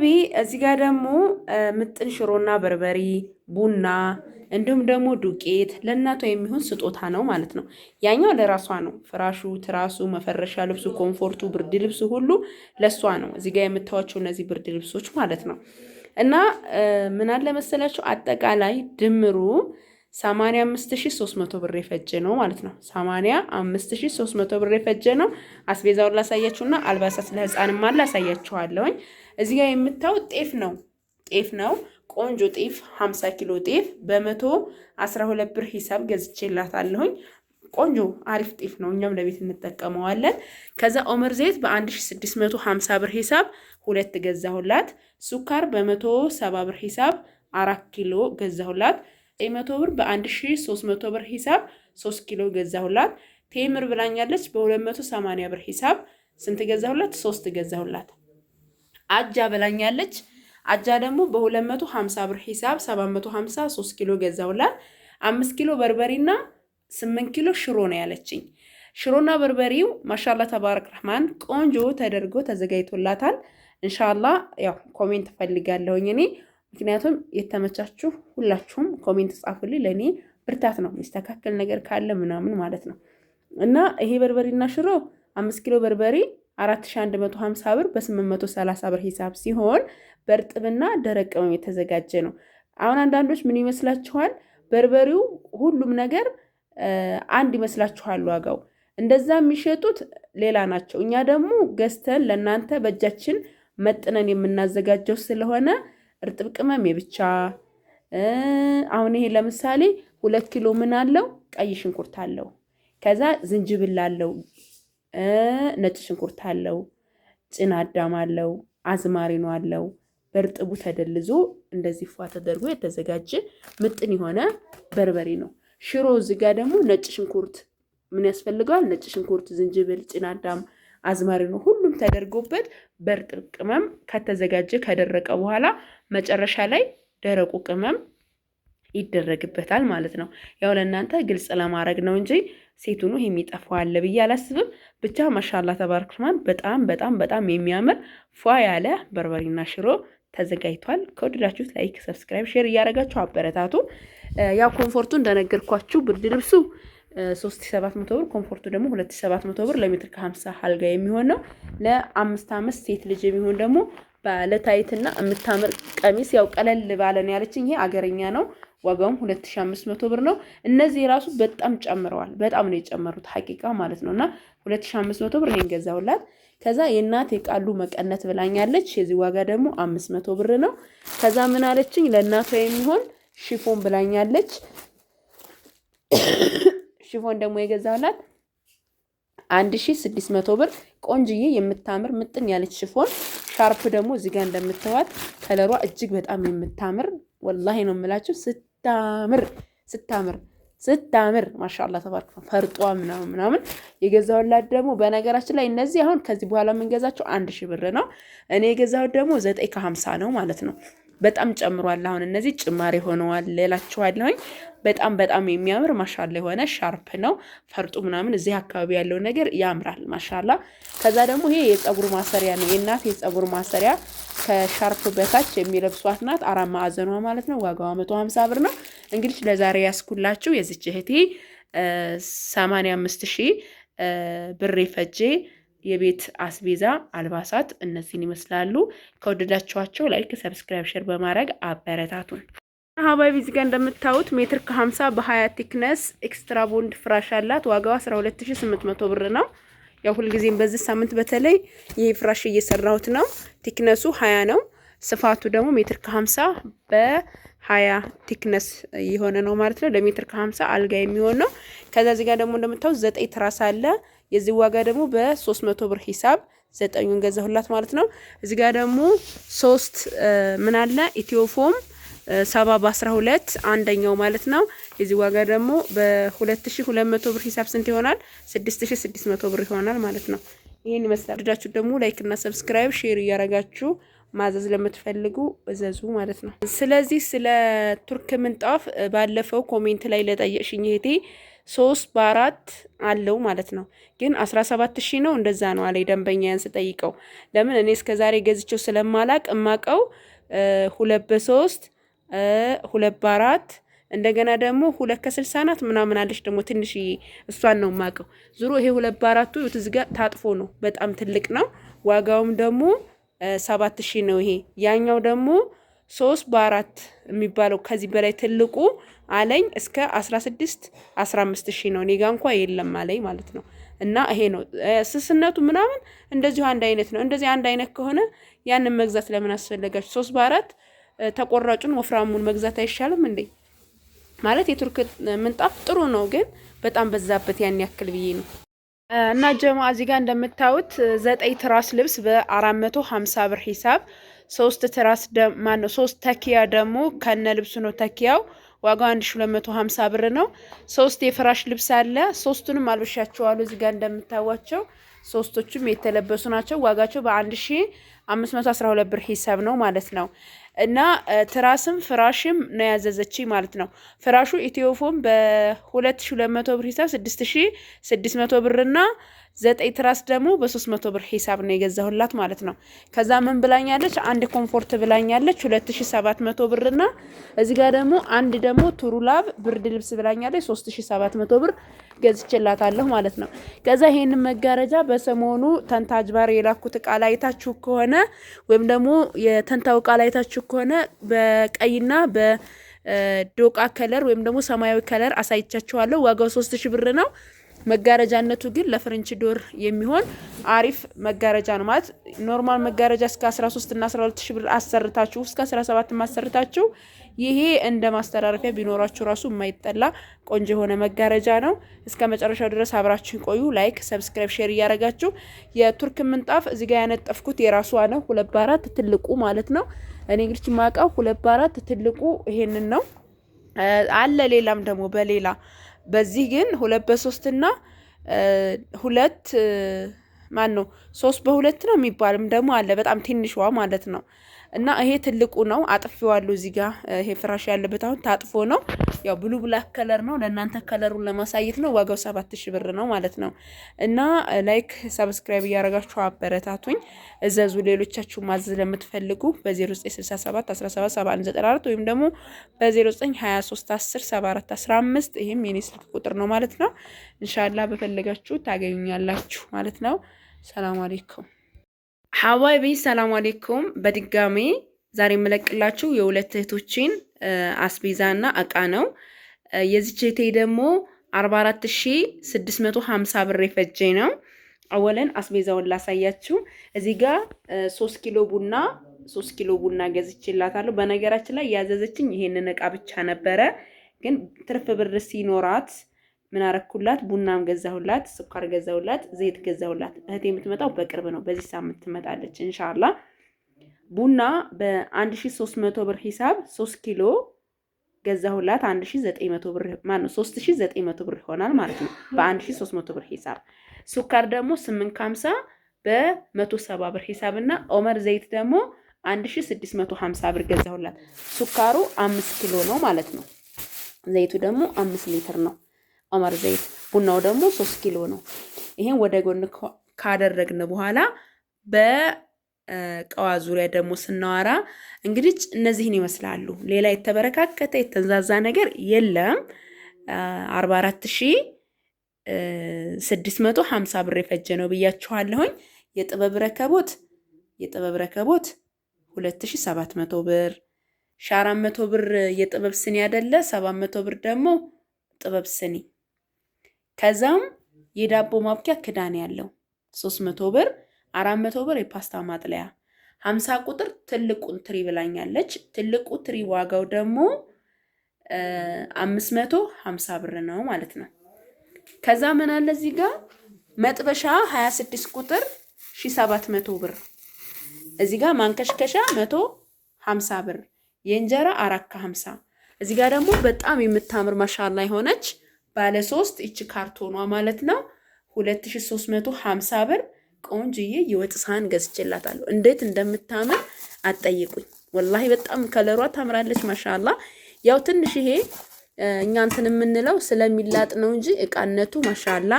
ቢ እዚህ ጋር ደግሞ ምጥን ሽሮና በርበሪ፣ ቡና እንዲሁም ደግሞ ዱቄት ለእናቷ የሚሆን ስጦታ ነው ማለት ነው። ያኛው ለራሷ ነው። ፍራሹ፣ ትራሱ፣ መፈረሻ ልብሱ፣ ኮምፎርቱ፣ ብርድ ልብሱ ሁሉ ለእሷ ነው። እዚህ ጋር የምታዋቸው እነዚህ ብርድ ልብሶች ማለት ነው። እና ምን አለ መሰላችሁ አጠቃላይ ድምሩ 85300 ብር የፈጀ ነው ማለት ነው። 85300 ብር የፈጀ ነው። አስቤዛውን ላሳያችሁና አልባሳት ለህፃንም አለ አሳያችኋለሁኝ። እዚህ ጋር የምታዩት ጤፍ ነው። ጤፍ ነው ቆንጆ ጤፍ 50 ኪሎ ጤፍ በ112 ብር ሂሳብ ገዝቼላታለሁኝ። ቆንጆ አሪፍ ጤፍ ነው። እኛም ለቤት እንጠቀመዋለን። ከዛ ኦመር ዘይት በ1650 ብር ሂሳብ ሁለት ገዛሁላት። ሱካር በ170 ብር ሂሳብ አራት ኪሎ ገዛሁላት። መቶ ብር በ1300 ብር ሂሳብ 3 ኪሎ ገዛሁላት። ቴምር ብላኛለች። በ280 ብር ሂሳብ ስንት ገዛሁላት? 3 ገዛሁላት። አጃ ብላኛለች። አጃ ደግሞ በ250 ብር ሂሳብ 750 3 ኪሎ ገዛሁላት። 5 ኪሎ በርበሬና 8 ኪሎ ሽሮ ነው ያለችኝ። ሽሮና በርበሬው ማሻላ ተባረክ ረህማን ቆንጆ ተደርጎ ተዘጋጅቶላታል። እንሻላ ያው ኮሜንት ፈልጋለሁኝ እኔ ምክንያቱም የተመቻችሁ ሁላችሁም ኮሜንት ጻፉልኝ። ለእኔ ብርታት ነው፣ የሚስተካከል ነገር ካለ ምናምን ማለት ነው። እና ይሄ በርበሬና ሽሮ አምስት ኪሎ በርበሬ 4150 ብር በ830 ብር ሂሳብ ሲሆን በእርጥብና ደረቅ ቅመም የተዘጋጀ ነው። አሁን አንዳንዶች ምን ይመስላችኋል? በርበሬው ሁሉም ነገር አንድ ይመስላችኋል ዋጋው። እንደዛ የሚሸጡት ሌላ ናቸው። እኛ ደግሞ ገዝተን ለእናንተ በእጃችን መጥነን የምናዘጋጀው ስለሆነ እርጥብ ቅመም የብቻ አሁን ይሄ ለምሳሌ ሁለት ኪሎ ምን አለው ቀይ ሽንኩርት አለው ከዛ ዝንጅብል አለው ነጭ ሽንኩርት አለው ጭና አዳም አለው አዝማሪኖ አለው በእርጥቡ ተደልዞ እንደዚህ ፏ ተደርጎ የተዘጋጀ ምጥን የሆነ በርበሬ ነው ሽሮ እዚህ ጋር ደግሞ ነጭ ሽንኩርት ምን ያስፈልገዋል ነጭ ሽንኩርት ዝንጅብል ጭና አዳም አዝማሪኖ ሁሉ ተደርጎበት በእርጥብ ቅመም ከተዘጋጀ ከደረቀ በኋላ መጨረሻ ላይ ደረቁ ቅመም ይደረግበታል ማለት ነው። ያው ለእናንተ ግልጽ ለማድረግ ነው እንጂ ሴቱኑ የሚጠፋው አለ ብዬ አላስብም። ብቻ ማሻላ ተባረክ በጣም በጣም በጣም የሚያምር ፏ ያለ በርበሬና ሽሮ ተዘጋጅቷል። ከወደዳችሁት ላይክ፣ ሰብስክራይብ፣ ሼር እያደረጋችሁ አበረታቱ። ያው ኮንፎርቱ እንደነገርኳችሁ ብርድ ልብሱ ሶስት ሰባት መቶ ብር ኮምፎርቱ ደግሞ ሁለት ሰባት መቶ ብር ለሜትር ከሀምሳ አልጋ የሚሆን ነው። ለአምስት አምስት ሴት ልጅ የሚሆን ደግሞ ባለታይትና የምታምር ቀሚስ ያው ቀለል ባለ ነው ያለችኝ። ይሄ አገረኛ ነው። ዋጋውም ሁለት አምስት መቶ ብር ነው። እነዚህ ራሱ በጣም ጨምረዋል። በጣም ነው የጨመሩት ሀቂቃ ማለት ነው። እና ሁለት አምስት መቶ ብር ይሄን ገዛውላት። ከዛ የእናት የቃሉ መቀነት ብላኛለች። የዚህ ዋጋ ደግሞ አምስት መቶ ብር ነው። ከዛ ምን አለችኝ ለእናቷ የሚሆን ሽፎን ብላኛለች ሽፎን ደግሞ የገዛሁላት አንድ ሺ ስድስት መቶ ብር ቆንጅዬ የምታምር ምጥን ያለች ሽፎን ሻርፕ ደግሞ እዚህ ጋር እንደምትዋት ከለሯ እጅግ በጣም የምታምር ወላሂ ነው የምላችሁ። ስታምር ስታምር ስታምር ማሻላ ተባርክ ፈርጧ ምናምን ምናምን የገዛሁላት ደግሞ በነገራችን ላይ እነዚህ አሁን ከዚህ በኋላ የምንገዛቸው አንድ ሺ ብር ነው። እኔ የገዛሁት ደግሞ ዘጠኝ ከሀምሳ ነው ማለት ነው። በጣም ጨምሯል። አሁን እነዚህ ጭማሪ ሆነዋል እላችኋለሁኝ። በጣም በጣም የሚያምር ማሻላ የሆነ ሻርፕ ነው። ፈርጡ ምናምን እዚህ አካባቢ ያለው ነገር ያምራል ማሻላ። ከዛ ደግሞ ይሄ የፀጉር ማሰሪያ ነው። የእናት የፀጉር ማሰሪያ ከሻርፕ በታች የሚለብሷት ናት። አራት ማዕዘኗ ማለት ነው። ዋጋዋ መቶ ሀምሳ ብር ነው። እንግዲህ ለዛሬ ያስኩላችሁ የዚች እህቴ ሰማንያ አምስት ሺህ ብር ፈጄ የቤት አስቤዛ፣ አልባሳት እነዚህን ይመስላሉ። ከወደዳችኋቸው ላይክ፣ ሰብስክራይብ፣ ሼር በማድረግ አበረታቱን። ሀባይ ቢዚ ጋር እንደምታዩት ሜትር ከ50 በ20 ቲክነስ ኤክስትራ ቦንድ ፍራሽ አላት። ዋጋዋ 12800 ብር ነው። ያው ሁልጊዜም በዚህ ሳምንት በተለይ ይህ ፍራሽ እየሰራሁት ነው። ቲክነሱ 20 ነው። ስፋቱ ደግሞ ሜትር ከ50 በ20 ቲክነስ የሆነ ነው ማለት ነው። ለሜትር ከ50 አልጋ የሚሆን ነው። ከዛ ዚጋ ደግሞ እንደምታዩት ዘጠኝ ትራስ አለ። የዚህ ዋጋ ደግሞ በ300 ብር ሂሳብ ዘጠኙን ገዛሁላት ማለት ነው። እዚህ ጋር ደግሞ ሶስት ምን አለ ኢትዮፎም ሰባ በአስራ ሁለት አንደኛው ማለት ነው። የዚህ ዋጋ ደግሞ በ2200 ብር ሂሳብ ስንት ይሆናል? 6600 ብር ይሆናል ማለት ነው። ይህን ይመስላል። ድዳችሁ ደግሞ ላይክ እና ሰብስክራይብ ሼር እያረጋችሁ ማዘዝ ለምትፈልጉ እዘዙ ማለት ነው። ስለዚህ ስለ ቱርክ ምንጣፍ ባለፈው ኮሜንት ላይ ለጠየቅሽኝ እህቴ ሶስት በአራት አለው ማለት ነው። ግን አስራ ሰባት ሺህ ነው እንደዛ ነው አለ ደንበኛዬን ስጠይቀው። ለምን እኔ እስከዛሬ ገዝቼው ስለማላቅ እማቀው ሁለት በሶስት ሁለት በአራት እንደገና ደግሞ ሁለት ከስልሳ ናት ምናምን አለች። ደግሞ ትንሽ እሷን ነው ማቀው። ዙሮ ይሄ ሁለት በአራቱ ትዝጋ ታጥፎ ነው በጣም ትልቅ ነው። ዋጋውም ደግሞ ሰባት ሺህ ነው። ይሄ ያኛው ደግሞ ሶስት በአራት የሚባለው ከዚህ በላይ ትልቁ አለኝ እስከ አስራ ስድስት አስራ አምስት ሺህ ነው። ኔጋ እንኳ የለም አለኝ ማለት ነው። እና ይሄ ነው ስስነቱ ምናምን እንደዚሁ አንድ አይነት ነው። እንደዚህ አንድ አይነት ከሆነ ያንን መግዛት ለምን አስፈለጋችሁ? ሶስት በአራት ተቆራጩን ወፍራሙን መግዛት አይሻልም እንዴ? ማለት የቱርክ ምንጣፍ ጥሩ ነው፣ ግን በጣም በዛበት ያን ያክል ብዬ ነው። እና ጀማ እዚህ ጋር እንደምታዩት ዘጠኝ ትራስ ልብስ በ450 ብር ሂሳብ ሶስት ትራስ ማነው ሶስት ተኪያ ደግሞ ከነ ልብሱ ነው። ተኪያው ዋጋው ሀምሳ ብር ነው። ሶስት የፍራሽ ልብስ አለ። ሶስቱንም አልብሻቸዋለሁ። እዚህ ጋር እንደምታዋቸው ሶስቶቹም የተለበሱ ናቸው። ዋጋቸው አስራ ሁለት ብር ሂሳብ ነው ማለት ነው። እና ትራስም ፍራሽም ነው ያዘዘች ማለት ነው። ፍራሹ ኢትዮፎም በ2200 ብር ሂሳብ 6600 ብር እና ዘጠኝ ትራስ ደግሞ በ300 ብር ሂሳብ ነው የገዛሁላት ማለት ነው። ከዛ ምን ብላኛለች? አንድ ኮምፎርት ብላኛለች 2700 ብር እና እዚህ ጋር ደግሞ አንድ ደግሞ ቱሩላብ ብርድ ልብስ ብላኛለች 3700 ብር ገዝቼላታለሁ ማለት ነው። ከዛ ይሄንን መጋረጃ በሰሞኑ ተንታ አጅባር የላኩት እቃ ላይታችሁ ከሆነ ወይም ደግሞ የተንታው እቃ ላይታችሁ ከሆነ በቀይና በዶቃ ከለር ወይም ደግሞ ሰማያዊ ከለር አሳይቻችኋለሁ። ዋጋው ሶስት ሺ ብር ነው። መጋረጃነቱ ግን ለፍርንች ዶር የሚሆን አሪፍ መጋረጃ ነው። ማለት ኖርማል መጋረጃ እስከ 13 እና 12 ሺህ ብር አሰርታችሁ እስከ 17 ማሰርታችሁ ይሄ እንደ ማስተራረፊያ ቢኖራችሁ ራሱ የማይጠላ ቆንጆ የሆነ መጋረጃ ነው። እስከ መጨረሻው ድረስ አብራችሁን ቆዩ። ላይክ፣ ሰብስክራይብ፣ ሼር እያደረጋችሁ የቱርክ ምንጣፍ እዚህ ጋር ያነጠፍኩት የራሷ ነው። ሁለት በአራት ትልቁ ማለት ነው። እኔ እንግዲህ ማቃው ሁለት በአራት ትልቁ ይሄንን ነው። አለ ሌላም ደግሞ በሌላ በዚህ ግን ሁለት በሶስትና ሁለት ማን ነው ሶስት በሁለት ነው የሚባልም ደግሞ አለ። በጣም ትንሿ ማለት ነው። እና ይሄ ትልቁ ነው። አጥፌዋለሁ እዚህ እዚጋ ይሄ ፍራሽ ያለበት አሁን ታጥፎ ነው። ያው ብሉ ብላክ ከለር ነው። ለእናንተ ከለሩን ለማሳየት ነው። ዋጋው ሰባት ሺ ብር ነው ማለት ነው። እና ላይክ ሰብስክራይብ እያደረጋችሁ አበረታቱኝ፣ እዘዙ። ሌሎቻችሁ ማዘዝ ለምትፈልጉ በ0967 177194 ወይም ደግሞ በ0923107415 ይህም የኔ ስልክ ቁጥር ነው ማለት ነው። እንሻላ በፈለጋችሁ ታገኙኛላችሁ ማለት ነው። ሰላም አሌይኩም ሀዋይቤ ሰላም አሌይኩም። በድጋሜ ዛሬ የምለቅላችሁ የሁለት እህቶችን አስቤዛና እቃ ነው። የዚች እህቴ ደግሞ 44650 ብር የፈጀ ነው። አወለን አስቤዛውን ላሳያችሁ። እዚ ጋ ሶስት ኪሎ ቡና ሶስት ኪሎ ቡና ገዝቼላታለሁ። በነገራችን ላይ ያዘዘችኝ ይሄንን እቃ ብቻ ነበረ፣ ግን ትርፍ ብር ሲኖራት ምን አረኩላት? ቡናም ገዛሁላት፣ ስኳር ገዛሁላት፣ ዘይት ገዛሁላት። እህቴ የምትመጣው በቅርብ ነው፣ በዚህ ሳምንት ትመጣለች እንሻላ። ቡና በ1300 ብር ሂሳብ 3 ኪሎ ገዛሁላት። 1900 ብር 3900 ብር ይሆናል ማለት ነው፣ በ1300 ብር ሂሳብ። ስኳር ደግሞ 850 በ170 ብር ሂሳብ እና ኦመር ዘይት ደግሞ 1650 ብር ገዛሁላት። ስኳሩ 5 ኪሎ ነው ማለት ነው። ዘይቱ ደግሞ 5 ሊትር ነው። ኦመር ዘይት ቡናው ደግሞ ሶስት ኪሎ ነው። ይሄን ወደ ጎን ካደረግን በኋላ በቀዋ ዙሪያ ደግሞ ስናወራ እንግዲህ እነዚህን ይመስላሉ። ሌላ የተበረካከተ የተንዛዛ ነገር የለም። አርባ አራት ሺ ስድስት መቶ ሀምሳ ብር የፈጀ ነው ብያችኋለሁኝ። የጥበብ ረከቦት የጥበብ ረከቦት ሁለት ሺ ሰባት መቶ ብር ሺ አራት መቶ ብር የጥበብ ስኒ አይደለ፣ ሰባት መቶ ብር ደግሞ ጥበብ ስኒ ከዛም የዳቦ ማብኪያ ክዳን ያለው 300 ብር፣ 400 ብር የፓስታ ማጥለያ 50 ቁጥር ትልቁን ትሪ ብላኛለች። ትልቁ ትሪ ዋጋው ደግሞ 550 ብር ነው ማለት ነው። ከዛ ምን አለ እዚህ ጋር መጥበሻ 26 ቁጥር 700 ብር፣ እዚህ ጋር ማንከሽከሻ 150 ብር፣ የእንጀራ 4 ከ50 እዚህ ጋር ደግሞ በጣም የምታምር ማሻላ የሆነች ባለ ሶስት እቺ ካርቶኗ ማለት ነው 2350 ብር ቆንጅዬ የወጥ ሳህን ገዝቼላታለሁ። እንዴት እንደምታምር አትጠይቁኝ። ወላሂ በጣም ከለሯ ታምራለች። ማሻላ ያው ትንሽ ይሄ እኛ እንትን የምንለው ስለሚላጥ ነው እንጂ እቃነቱ ማሻላ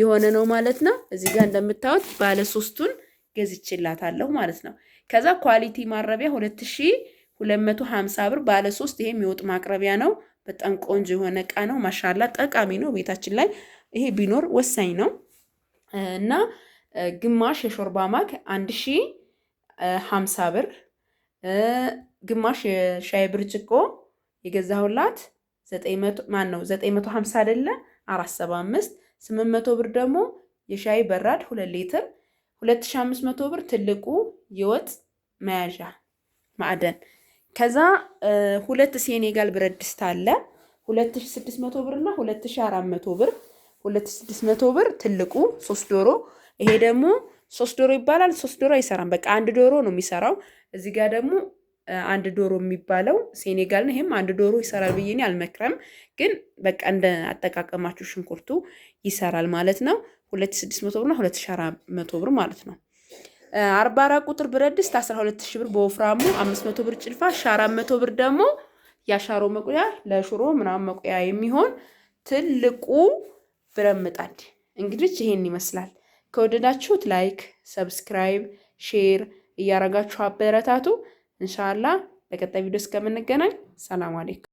የሆነ ነው ማለት ነው። እዚህ ጋር እንደምታዩት ባለ ሶስቱን ገዝቼላታለሁ ማለት ነው። ከዛ ኳሊቲ ማረቢያ 2250 ብር ባለ ሶስት ይሄም የወጥ ማቅረቢያ ነው። በጣም ቆንጆ የሆነ እቃ ነው። ማሻላ ጠቃሚ ነው። ቤታችን ላይ ይሄ ቢኖር ወሳኝ ነው እና ግማሽ የሾርባ ማግ አንድ ሺ ሀምሳ ብር፣ ግማሽ የሻይ ብርጭቆ የገዛሁላት ማን ነው ዘጠኝ መቶ ሀምሳ አይደለ አራት ሰባ አምስት ስምንት መቶ ብር ደግሞ የሻይ በራድ ሁለት ሊትር ሁለት ሺ አምስት መቶ ብር ትልቁ የወጥ መያዣ ማዕደን ከዛ ሁለት ሴኔጋል ብረት ድስት አለ 2600 ብር እና 2400 ብር 2600 ብር ትልቁ ሶስት ዶሮ ይሄ ደግሞ ሶስት ዶሮ ይባላል ሶስት ዶሮ አይሰራም በቃ አንድ ዶሮ ነው የሚሰራው እዚህ ጋር ደግሞ አንድ ዶሮ የሚባለው ሴኔጋል ነው ይሄም አንድ ዶሮ ይሰራል ብዬ እኔ አልመክረም ግን በቃ እንደ አጠቃቀማችሁ ሽንኩርቱ ይሰራል ማለት ነው 2600 ብር እና 2400 ብር ማለት ነው አርባራ ቁጥር ብረት ድስት 12 ሺህ ብር በወፍራሙ 500 ብር ጭልፋ 400 ብር ደግሞ ያሻሮ መቁያ ለሽሮ ምናምን መቁያ የሚሆን ትልቁ ብረት ምጣድ እንግዲህ ይሄን ይመስላል። ከወደዳችሁት ላይክ፣ ሰብስክራይብ፣ ሼር እያረጋችሁ አበረታቱ። እንሻላ በቀጣይ ቪዲዮ እስከምንገናኝ ሰላም አለይኩም።